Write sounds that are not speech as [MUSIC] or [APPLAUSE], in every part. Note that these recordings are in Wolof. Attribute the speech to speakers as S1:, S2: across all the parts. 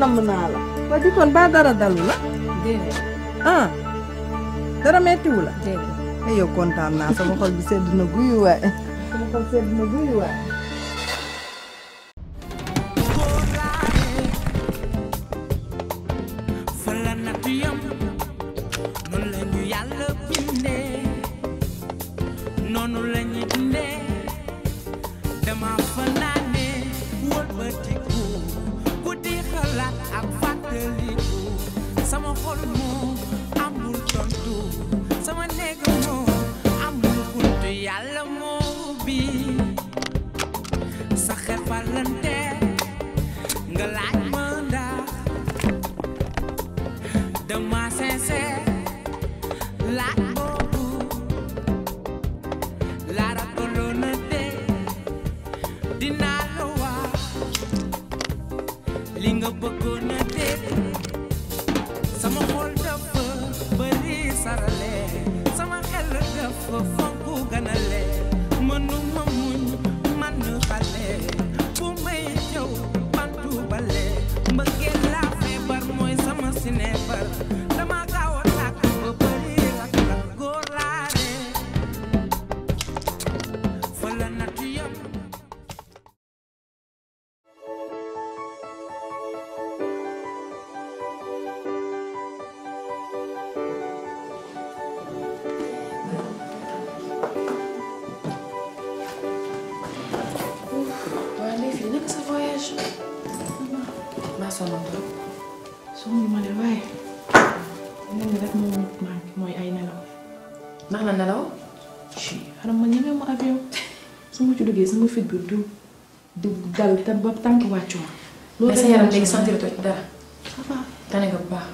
S1: namm naa la. waa di dara dalu la. déedéet. Ah. dara méttiwu la. déedéet. yow kontaan naa sama xol bi sedd na guy
S2: salon trop soxna ma ne waaye nee na rek moom it maa mooy ay nelaw. ndax na nelaw. si xanaa fit bi du dal te ba tànk wàccu ma. sa yaram léegi sentir toj dara. ça va tane nga bu baax.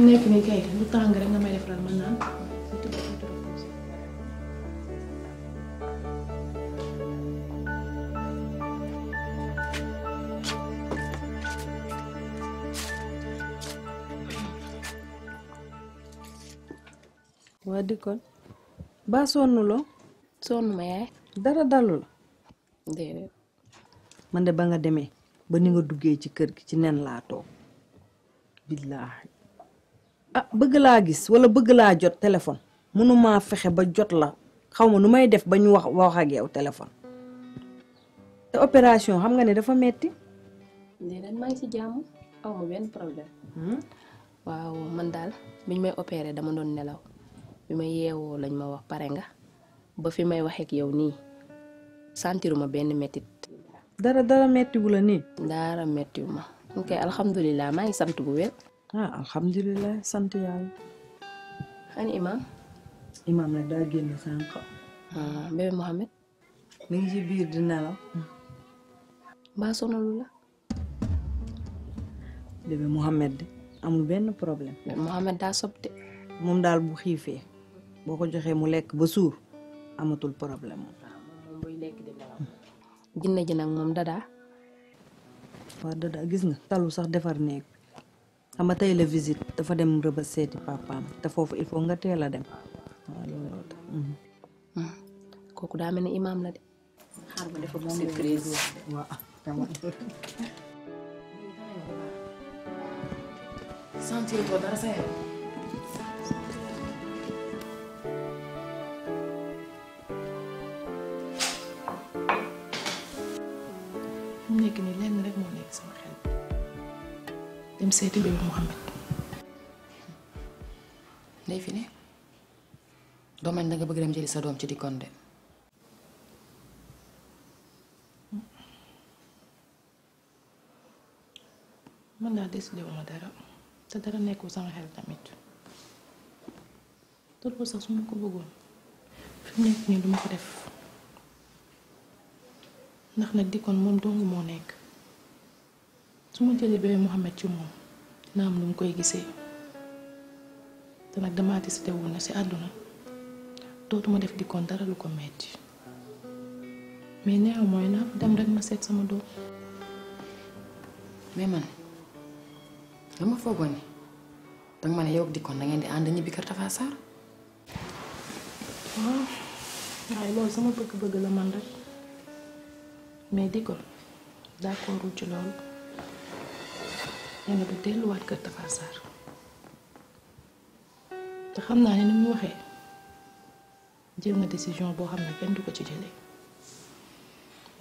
S2: lu iya, may
S1: wa dikon ba sonnuloo sonn ma yaay dara dalul dede man de ba nga demé ba ni nga duggé ci kër gi ci nen la toog billaahi ah bëgg la gis wala bëgg la jot téléphone mënumaa fexé ba jot la xawma nu may def ba ñu wax wax ak yow téléphone opération xam nga né dafa metti
S3: ngi si jamu, aw ben problème hmm waaw man dal biñ may opéré dama don nelaw bi yeewoo lañ ma wax pare nga ba fi may waxeek yow nii sentiruma benn mettit dara dara mettiwu nii dara mettiwu ma ok
S1: alhamdulilah maa sant bu wér ah alhamdulilah sant yàlla ani imam imam nag daa génn sànq ah, bébé Mohamed mi de amul benn problème Mohamed daa sob de moom daal bu xiifee boo ko joxee mu lekk ba suur amatul problème moom. jinne ji nag moom dadaa. waaw dadaa gis nga talu sax defar néeg xam nga tey la visite dafa dem rëba seeti papaam te foofu il faut nga teel a dem mhm. kooku daa mel ni imam la de.
S3: xaar dafa
S4: ko dara sa yaram
S2: سيدي بيبي محمد داي في ني
S4: دو مال داغا بغي ديم جيلي سا دوم تي دي كوندي
S2: من دا ديس ديو مادارا تا دارا نيكو سان خيل تاميت تول بو ساسو مكو بوغون في نيك ني دوما كو ديف نخ نك ديكون موم دونغ مو نيك سما جيلي بيبي محمد تي موم dina am lu mu gisé té nak nag dama décidé woon na si àdduna dootuma def kon dara lu ko metti mais néw moy na dem rek ma sét sama do mais man
S4: dama foogoo ni mané yow di kon ah, da ngén di and ñibi kër Tafa sar
S2: ay lo sama bëgg-bëgg la man rek mais ci lolu nee na du delluwaat kër Tafa Sarr te xam naa ne ni mu waxee jël na décision boo xam ne kenn du ko ci jëlee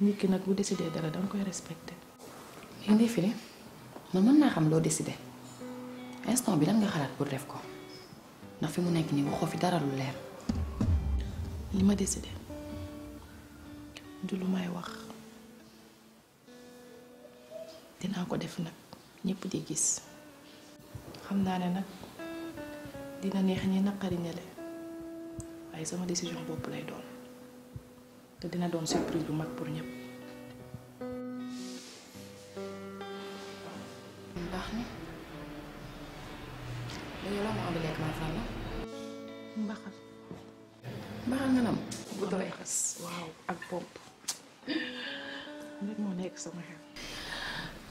S2: nit ki nag bu décidé dara danga koy respecté. léegi ndey firi man mën naa
S4: xam loo décidé instant bi lan nga xalaat pour def ko ndax fi mu nekk nii waxoo fi
S2: dara lu leer. li ma décidé du lu may wax dinaa ko def nag. ñëpp di gis xam naa ne nag dina neex ñi naqari ñele waaye sama décision bopp lay doon te dina doon surprise bu mag pour ñëpp.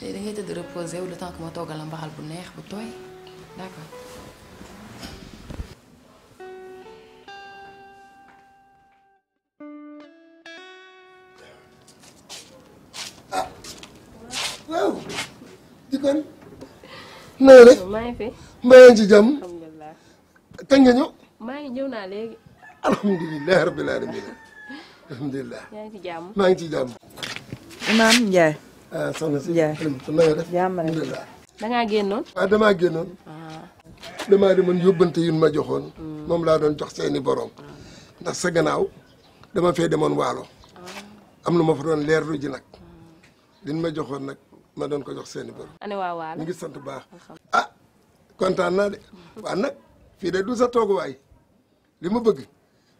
S4: léegi da ngay tëdd reposer wu le temps que ma toggal la bu neex bu tooy d'accord.
S5: ah waaw. Jikkoon. [LAUGHS] ngi fi. mbaa ngi ci jàmm. kañ nga ñëw. maa
S3: ngi ñëw naa léegi.
S5: alhamdulilah rabbil ci jàmm maa ngi ci jàmm. Imaam Ndiaye. Ah, soxna si. jaajëf da ngaa génnoon. waaw ah, damaa génnoon. Ah. damaa demoon yóbbante yu ma joxoon. moom laa doon jox seeni borom. ndax sa gannaaw dama fee demoon waalo. am na ma fa doon leerlu ji nag. liñ ma joxoon nag ma doon ko jox seeni borom.
S3: ane waa waalo
S5: ñu sant baax. ah kontaan naa de. waaw nag fii de du sa tooguwaay li ma bëgg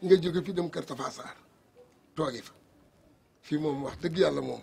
S5: nga jóge fi dem Kër Tafa Sarr tooge fa fii moom wax dëgg yàlla moom.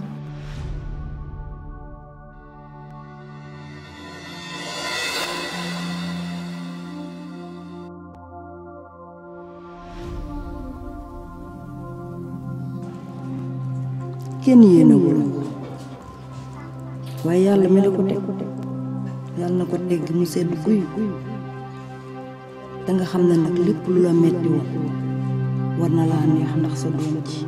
S1: kenn yéenewul waaye yàlla mel na ko teg yàlla na ko teg ñu sedd guy da nga xam ne nag lépp lu la metti woon war na laa neex ndax sa doom ji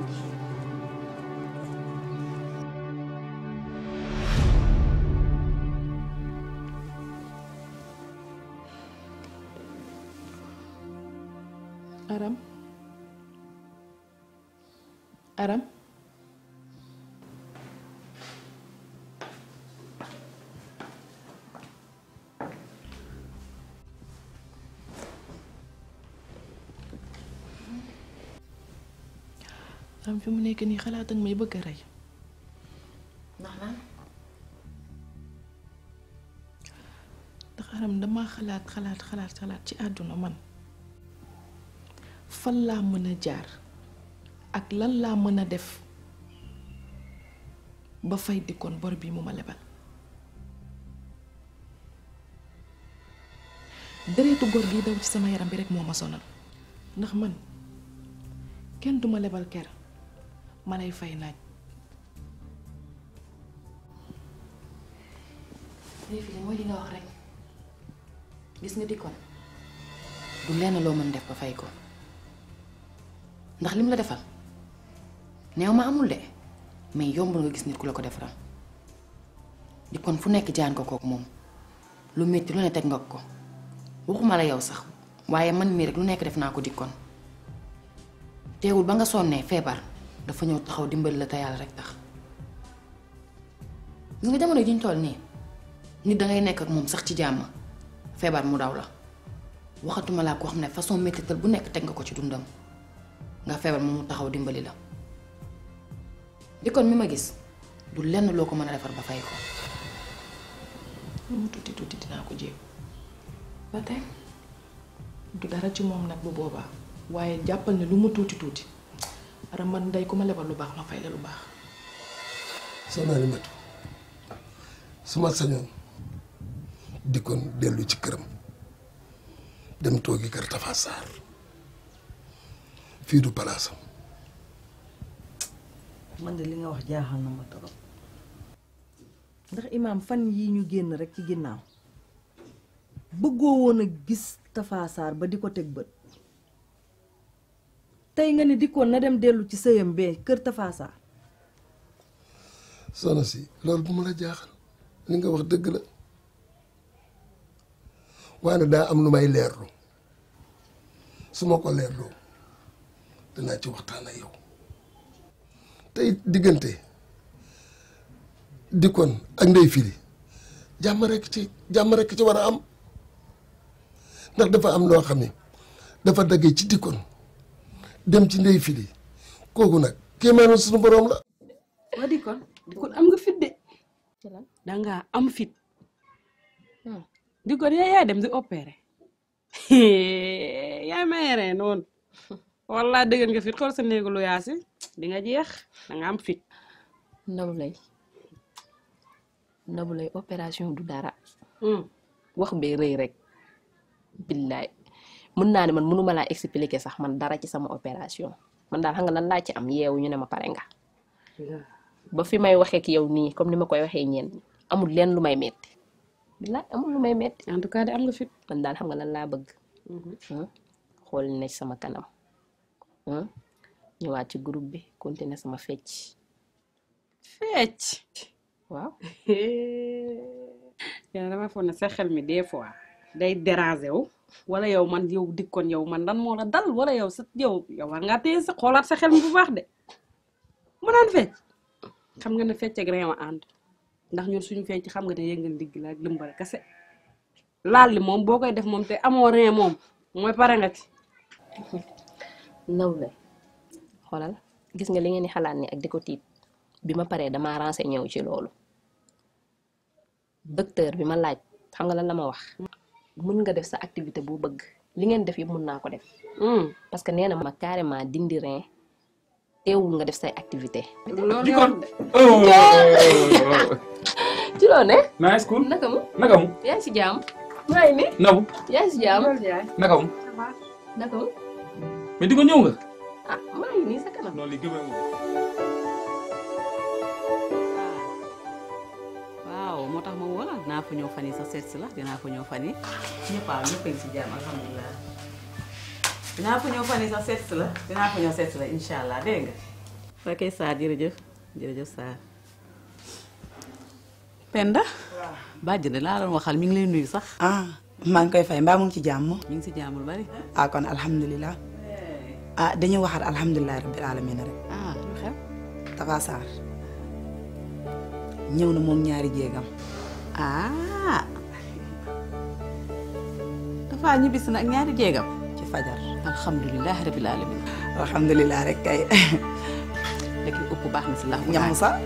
S2: في من هيك اني خلعت ما يبقى راي نحن تخرم دما خلعت خلعت خلعت خلعت شي ادونا من فلا لا من جار اك لان لا من دف با فاي ديكون بور بي موما لبال دريتو غور غي داو سي سما يرام بي رك من كان دوما لبال كير ma lay fay naaj.
S4: mooy li nga wax rek gis nga dikkoon du lenn loo mën def ba fay ko ndax lim la defal neew ma amul de mais yomb nga gis nit ku la ko defaral dikkoon fu nekk jaan ko kook moom lu metti lu ne teg nga ko waxuma la yow sax waaye man mii rek lu nekk def naa ko dikkoon teewul ba nga sonnee feebar. dafa ñëw taxaw dimbali la tayal rek tax ñu nga jamono jiñ ñu toll nii nit da ngay nekk ak moom sax ci jàmm feebar mu daw la waxatuma laa ko xam ne façon métital bu nekk teg nga ko ci dundam nga feebar mu taxaw dimbali la dikkoon mi ma gis du lenn loo ko mën ba fay ko mu tuuti tuuti dinaa
S2: ko jéem ba tey du dara ci moom nag bu boobaa waaye jàppal ne lu mu tuuti tuuti ara man ndey ku ma lebal lu baax ma fay la lu baax.
S5: soxna ni Matu su sañoon dikkoon dellu ci këram dem toogi kër Tafa Sarr fii du palaasam. man de li nga wax jaaxal
S1: na ma torop ndax imaam fan yi ñu génn rekk ci ginnaaw bëggoo woon a gis Tafa Sarr ba di ko teg bët. tey nga ni dikkoon na dem dellu ci sëyam bee kër Tafasa.
S5: soxna si loolu bu ma la jaaxal li nga wax dëgg la waaye daa am lu may leerlu su ma ko leerloo dinaa ci waxtaan ak yow tey diggante dikkoon ak ndey firi jàmm rekk ci jàmm rekk ci war a am ndax dafa am loo xam ne dafa daggee ci dikkoon. dem ci ndey fili kooku nag kéemaanu suñu borom la. waa di
S3: kon am nga fit de. da am fit. Hmm.
S4: di kon yaa dem di opéré.
S3: [LAUGHS] yaa may ree walla dëggan nga fit xool sa néegu yaasi di jeex da am fit. Nabou Leye Nabou Leye opération du dara. Hmm. wax bee rëy rek billaay. mën naa ne man mënuma laa expliquer sax man dara ci sama opération man daal xam nga lan laa ci am yeewu ñu ne ma pare nga ba fi may waxee ak yow nii comme ni ma koy waxee ñeen amul lenn lu may metti bilaay amul lu may metti en tout cas de am fit man daal xam nga laa bëgg mm-hmm. hmm? xool na sama kanam hmm? ñëwaat ci groupe bi continuer sama fecc fecc waaw [LAUGHS] yàlla dama foog ne sa xel mi des fois day déranger wu wala yow man yow dikkoon yow man lan moo la dal wala yow sa yow yow war ngaa téye sa xoolaat sa xel mi bu baax de mu naan fecc xam nga ne fecc ak ndax ñun suñu fecc xam nga ne yëngal ndigg la ak lëmbal kase laal li moom boo koy def moom te amoo ree moom mooy pare nga ci. nawle xoolal gis nga li ngeen di xalaat ni ak di ko tiit bi ma paree damaa renseigné wu ci loolu docteur bi ma laaj xam nga lan la ma wax. mën nga def sa activité boo bëgg li ngeen def yëpp mën naa ko def hmm. parce que nee na ma carrément dindi rein teewul nga def say activité dikon ci oh. [LAUGHS] ne naa school naka mu naka mu yaa si jàmm maa ni nabu yaa si jàmm naka mu naka mu mais di ko ñëw nga ah maa ngi sa kanam motax mo wala na fa ñew fani sa set ci la dina fa ñew fani ñepa ñepp ci jam alhamdullah dina fa ñew fani sa set ci la dina fa ñew set ci la inshallah de nga fakay sa dire jeuf dire jeuf sa penda baaji de la la waxal mi ngi lay nuyu sax ah ma ngi koy fay mba mu ci jàmm mi ngi ci jàmm bari ah kon alhamdullilah ah dañu waxal alhamdullilah rabbil alamin rek
S2: ah xam
S3: tafasar tafa ñëw na moom ñaari jéegam ah dafa ñibbisi nag ñaari jéegam ci fajar alhamdulilah rabil alamin alhamdulilah rek kay léegi ëpp baax na si ñam sa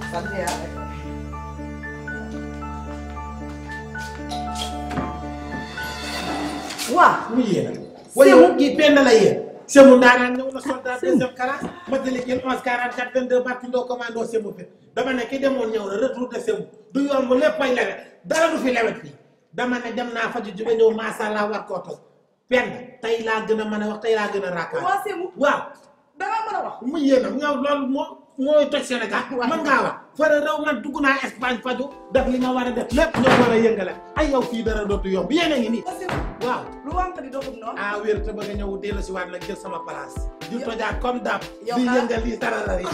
S1: [LAUGHS] ah
S6: waa mu yéena Sémou kii Penda la yéen. Sémou ndaanaan ah, ñëw na soldat deuxième classe. Matalik yéen 11 44 22 parti ndoo commando Sémou bi dama ne ki demoon ñëw na retour de Sémou du yomb léppay lewet dara du fi lewet bi dama ne dem naa faju juba ñëw macha allah war koo toj benn tey laa gën a man a wax tey laa gën a raakaat. waaw Sémou waaw. da nga a mu yéen a loolu moom. mooy toj Sénégal [LAUGHS] man ngaa wax fara raw nga dugg naa Espagne faju def li nga war a def lépp nga war a yëngale ay yow fii dara dootu yomb yéen a ngi nii waaw lu wànq di doxul noonu ah wér te bëgg a ñëw dellu waat nag jël sama place di tojaat comme dab di yëngal di sarara yi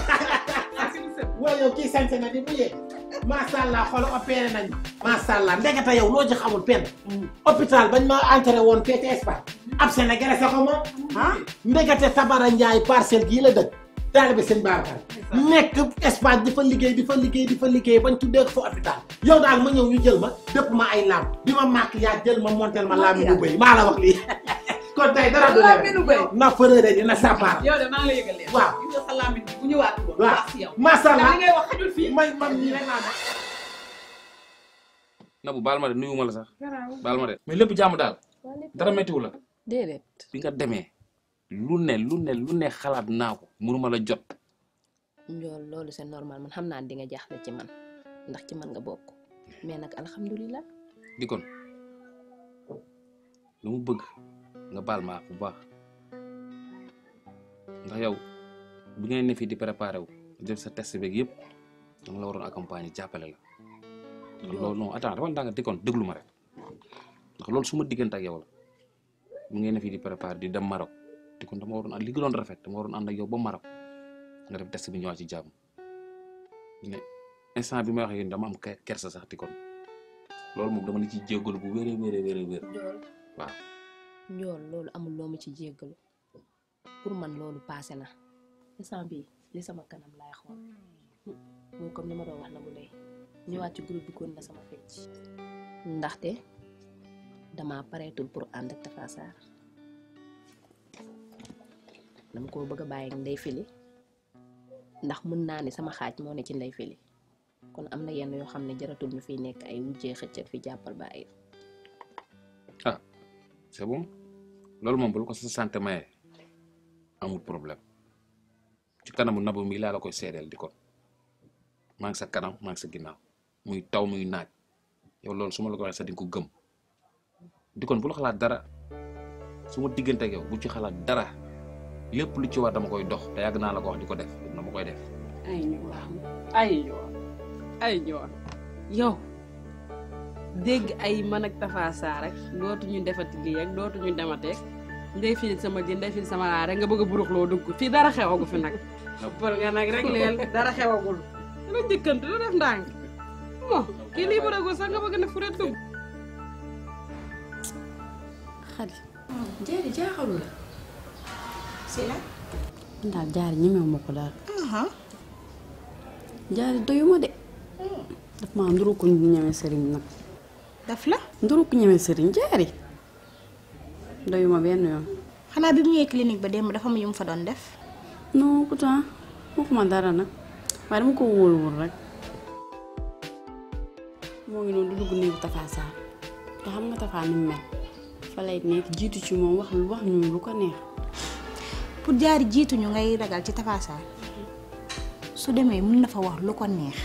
S6: [LAUGHS] waaw yow kii sañse na di bu yee maasàllaa xool opéré nañ ma maasàllaa ndekete yow loo ci xamul penn mm. hôpital bañ ma entré woon fee ci Espagne ab Sénégalais sa ko moom mm. ah ndekete Tabara Ndiaye parcelle gii la dëkk taalibe sëñ Babacar nekk Espagne di fa liggéey di fa liggéey di fa liggéey bañ tuddee yow daal ma ñëw ñu jël ma dëpp ma ay laam bi ma maquillage jël ma montel ma laam nu bëy maa la wax lii [LAUGHS] kon
S7: bu baal ma de nuyu ma la sax baal ma de mais lépp jàmm daal dara méttiwu la déedéet bi nga demee lu ne lu ne lu ne xalaat naa ko mënuma la jot.
S3: njool loolu c'est normal man xam naa di nga jaaxle ci man ndax ci man nga bokk mais nag alhamdulilah.
S7: di kon lu mu bëgg nga baal ma bu baax ndax yow bi ngeen ne fii di préparé wu def sa test beeg yëpp dama la waroon accompagné jàppale la. loolu non attends dafa nga di kon déglu ma rek ndax loolu suma diggante ak yow la bi ngeen ne fii di préparé di dem Maroc kon dama orang li gënoon rafet dama waroon ànd ak yow ba Maroc nga def test bi ini ci jàmm ne instant bi may wax dama am kersa sax ti kon loolu moom dama la ci jéggalu bu wéree wéree wéree wér waaw
S3: njool loolu amul loo ci jéggalu pour man loolu passé na instant bi li sama kanam comme wax na bu lay ñëwaat ci groupe bi na sama fecc ndaxte dama pareetul pour ànd ak Tafa dama ko bëgg a bàyyi ndey fili ndax mën naa ne sama xaaj moo ne ci ndey fili kon am na yenn yoo xam ne jaratul ñu fiy nekk ay wujjee fi jàppal bàyyi
S7: ah c'est bon loolu moom bul ko sa santé maye amul problème ci kanamu nabu mi laa la koy seedeel di ko maa ngi sa kanam maa ngi sa ginnaaw muy taw muy naaj yow loolu su ma la ko waxee sa di ko gëm di kon bul xalaat dara su ma ak yow bu ci xalaat dara lepp lu ci war dama koy dox te yag na la ko wax diko def dama koy def.
S3: ay ñu wax ay ñu wax ay ñu wax yow deg ay man ak tafasa rek dootu ñu defati li ak dootu ñu demate ndey fi sama jën ndey fi sama la rek nga bëgg buruk lo dugg fi dara xewagu fi nak
S7: pour nga nak rek leel dara xewagul. lu njëkkantu lu def mo ki li buru go sa nga bëgg na furet dugg. xali
S2: jeri jaxalu la si la daal jaari ñemewu ma ko daal jaari doyuma de hmm. daf maa nduru ko ñeme sëriñ nag daf la nduru ko ñeme sëriñ jaari
S1: doyuma benn yoon
S8: xanaa bi mu ñëwee clinique ba dafa fa doon def
S1: non pourtant
S2: waxuma dara nag waaye dama ko wul-wul rek moo ngi noonu du dugg néegu tafaa saar te xam nga tafaa ni mel fa lay nekk jiitu ci wax wax ñu lu ko neex pour jaari
S8: jiituñu ngay ragal ci Tapha su demee mun na fa wax lu ko neex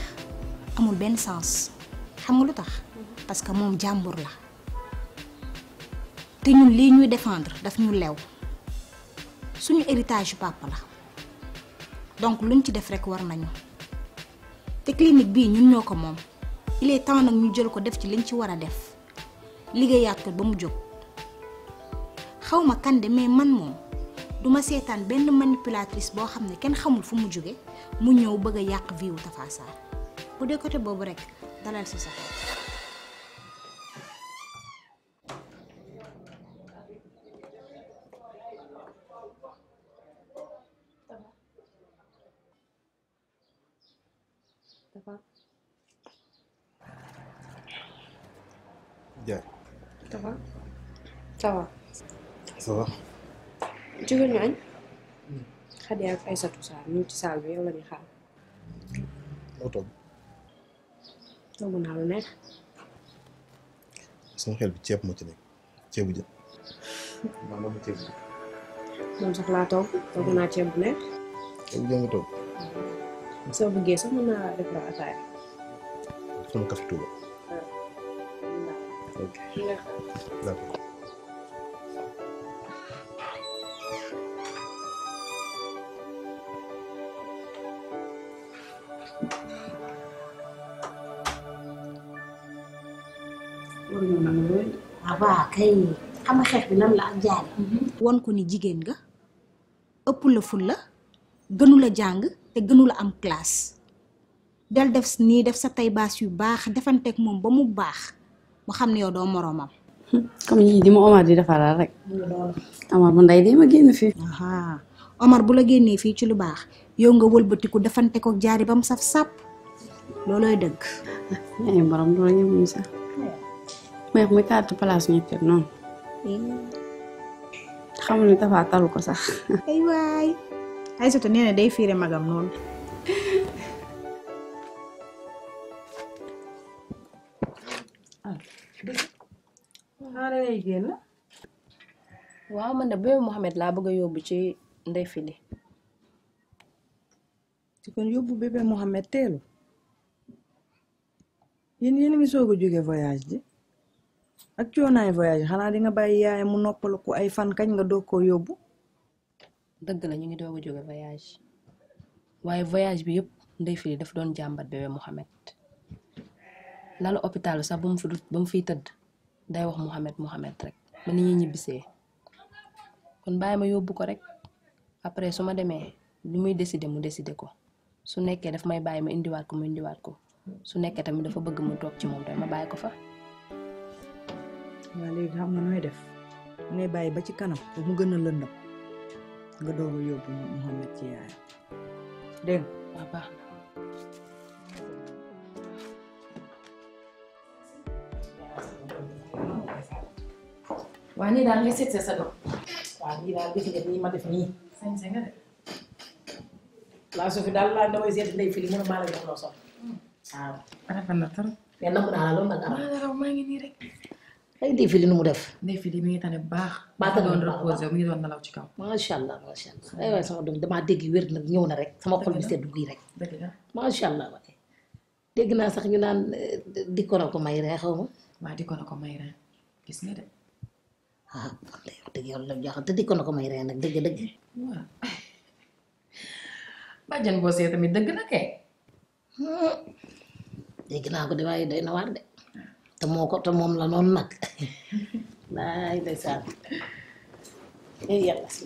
S8: amul benn sens xam nga lu tax parce que moom jàmbur la te ñun lii ñuy defendre daf ñu lew suñu héritage papa la donc luñ ci def rek war nañu te clinique bii ñun ñoo ko moom il est temps nag ñu jël ko def ci liñ ci war a def liggéeyaat ko ba mu jóg xaw ma kande mais man moom. duma sétane benn manipulatrice boo xam ne kenn xamul fu mu jóge mu ñëw bëgg a yàq vie bu dee côté boobu rek dalal si sa
S5: Ya.
S9: Tafa. Diagne. Tafa. Ça va.
S5: Ça va.
S8: jógal ñu añ Xadi ak Aysatu Saar ñu ci saal bi yow la naa
S1: lu nekk
S10: sama xel ceeb moo ci nekk ceebu ceeb bi
S1: moom laa togg togg naa ceeb bu nekk
S10: ceebu jën nga
S8: soo bëggee sax mën naa laa defar ataaya
S10: sama tuuba
S9: ah.
S3: waaw kay xam nga bi lan
S8: la ak jaare won ko ni jigéen nga ëpp la ful la gënu la jàng te gënu la am classe del def nii def sa tay yu ba mu mu yow
S4: comme di Omar di rek Omar
S1: bu nday dee ma génn
S8: Omar bu la génnee fi ci lu bax yow nga wëlbatiku defante ko jaari bam saf sap loloy deug [LAUGHS] ay borom
S2: do ñu sax mooy muy tàdd place ñetteel noonu. Hmm. xamul ne dafa talu ko sax. [LAUGHS]
S8: ay waay Aïssatou nee na day fiire
S1: magam noonu. waaw man de bébé Mouhamed laa bëgg a yóbbu ci ndey fili. ci kon yóbbu bébé Mouhamed teelu yéen yéen a soog a jóge voyage ji. ak cionay voyage xana di ya nga bàyyi yaay mu noppal ko ay fan kañ nga do ko yobbu deug la ñu ngi doog joge voyage
S3: waye voyage bi yep ndey fi daf doon jàmbat bébé Mouhamed lalu hôpital sa bu mu fi mu fi teud day wax mohammed mohammed rek ba ni ñi kon bàyyi ma yóbbu ko rek après suma démé demee lu muy décider mu décider ko su nekké daf may bàyyi ma indiwaat ko mu indiwaat ko su nekké tamit dafa bëgg mu tok
S1: ci mom tay ma bàyyi ko fa. waaye léegi xam nga nooy def ngay bàyyi ba ci kanam ba mu gën a lëndam nga doog a yóbbu ci yaayam dégg nga baax na
S4: waa nii daal ngay seet nii daal def nii sañ sañ nga
S3: laa suufi daal laa damay seet ndey fili mën a maa la jox loo soxla hmm. waaw
S4: rafet na trop mais nangu naa la loolu nag am maa ngi nii rek ay défilé nu mu def. défilé bu baax. baata doon reposé mi ngi doon nalaw allah macha allah dégg wér ñëw na rek
S3: sama xol bi sedd guy rek. dëgg naa sax ñu naan eh, dikkoon na ko may rek xaw ma. waaw dikkoon ko may rek gis nga de. ah wax dëgg yàlla loolu na ko may nag dëgg dëgg. waaw. boo see tamit dëgg hmm. naa ko de waaye doy na waar de. te moo ko te moom la noonu nag naay eh, yàlla si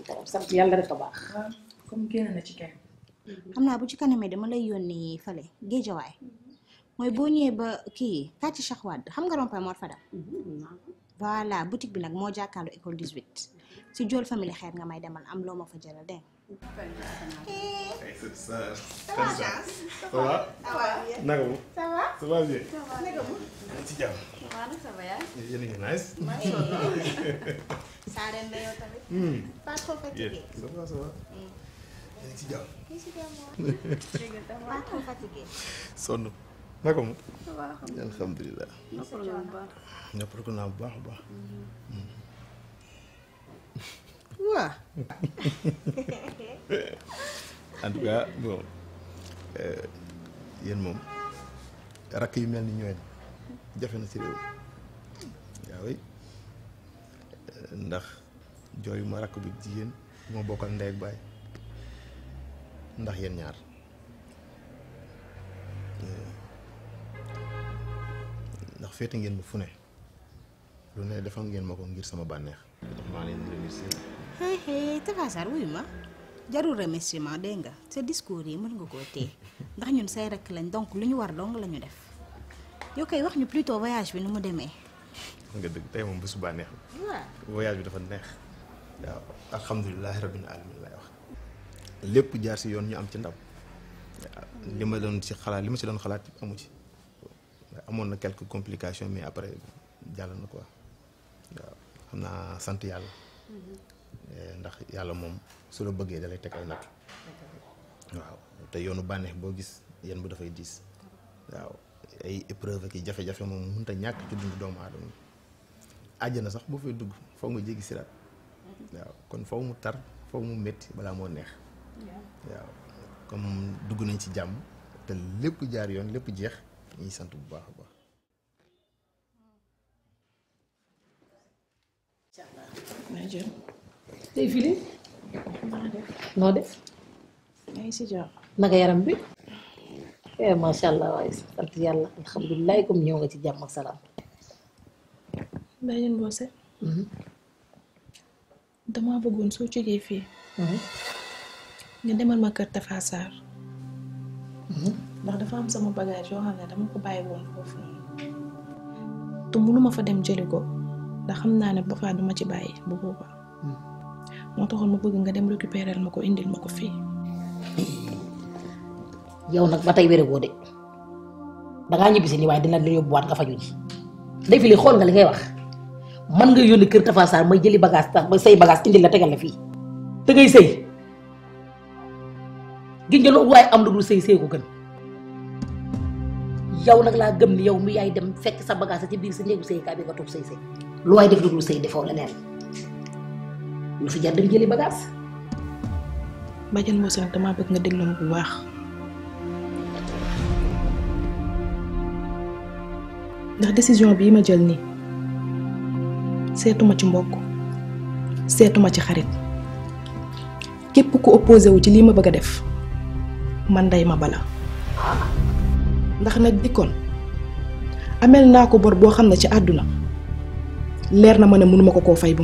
S8: xam naa bu ci kanamee dama lay yónni fale géejawaay mooy boo ñëwee ba kii kàcc Cheikh Wade xam nga rompé fa Fadam. Mhm, voilà boutique bi nag moo jàkkaarlu école 18 si Jool famille xeer nga may demal am loo ma fa jëlal de
S6: ça va Dia. ça va. naka mu. ça va ça va bien. ça va naka
S1: mu. ci jàmm. waaw nag ça va yaa
S10: ngi. yéen a ngi nice.
S1: saa
S8: ren de yow tamit. pas trop fatigué.
S10: ça va ça va. yéen a ci jàmm. yéen ci jàmm waaw.
S1: pas trop fatigué.
S10: sonn naka mu. ça va alhamdulilah.
S1: ñëpp la bu baax.
S10: ñëpp la bu baax a baax. Wah. en tout cas [LAUGHS] bon anu yéen rakyat rakk yu mel ni ñooy jafe na ci réew waaw ndax bay, ma rakk bu jigéen moo bokkal ndey ak baay ndax yéen ñaar ndax lu ne ngeen sama bànneex. leen
S8: hehe tekasaruima jarure ya, messima dégg nga sa discours yi mën nga koo téye ndax ñun say rek lañ donc lu ñu war dong la ñu def yow kay wax ñu plutôt voyage bi nu mu demee
S10: nga dëgg tey moom bés baa ya. neex voyage bi dafa neex waaw ya, alhamdulilah rabbil alamin lay wax lépp jaar si yoon ñu am ci ndam li ma doon si xalaat li ma si doon xalaat amu ci amoon na quelques complications mais après jàll na quoi waaw xam naa sant yàlla mhm. Eh, ndax yàlla moom su la bëggee dalay teg ay nattu waaw te yoonu bànneex boo gis yan bu dafay diis waaw ay épreuve ki jafe-jafe moom mënta ñàkk ci dund doomu aadama àjj na sax boo fay dugg faw nga jéggi siraat waaw kon faw mu tar faw mu metti balaa moo neex waaw comme dugg nañ ci jàmm te lépp jaar yoon lépp jeex ñuy sant bu baax a baax
S2: tey fili noo def
S3: yaram bi eh macha allah waaye sant yàlla alhamdulilah comme ñëw nga ci jàmm ak salaam. Mhm.
S2: bëggoon soo jógee fii. Mhm. nga demal ma kër Tafa Sarr. Mhm. ndax dafa am sama bagage yoo xam ne dama ko bàyyi woon foofu noonu. te mënuma fa dem jëli ko ndax xam naa ne ba duma ci bàyyi bu boobaa. moo taxoon ma bëgg nga dem récupérer ma ko indil ma ko fii.
S3: yow nag ba tey wéré woo de da ngaa ñibbisi nii waaye dina la yóbbuwaat nga faju ji defi li xool nga li ngay wax man nga yónni kër Tafa Sarr may jëli tax ba say bagage indil la la fii te ngay sëy gis nga loolu waaye am lu dul sëy sëy ko gën yow nag laa gëm ni yow mi yaay dem fekk sa bagage ci biir sa néegu sëykaay bi nga toog sëy sëy lu waay def lu dul sëy defoo leneen.
S2: lu fi jeli bagas, jëli bagage bàjjan sen dama bëgg nga déglu bu baax ndax décision bi ma jël ni seetuma ci mbokk seetuma ci xarit képp ku opposé wu ci lii ma bëgg a def man day ma bala ndax nag dikkoon amel naa ko bor boo xam ne ci àdduna leer na ma mënuma ko koo fay ba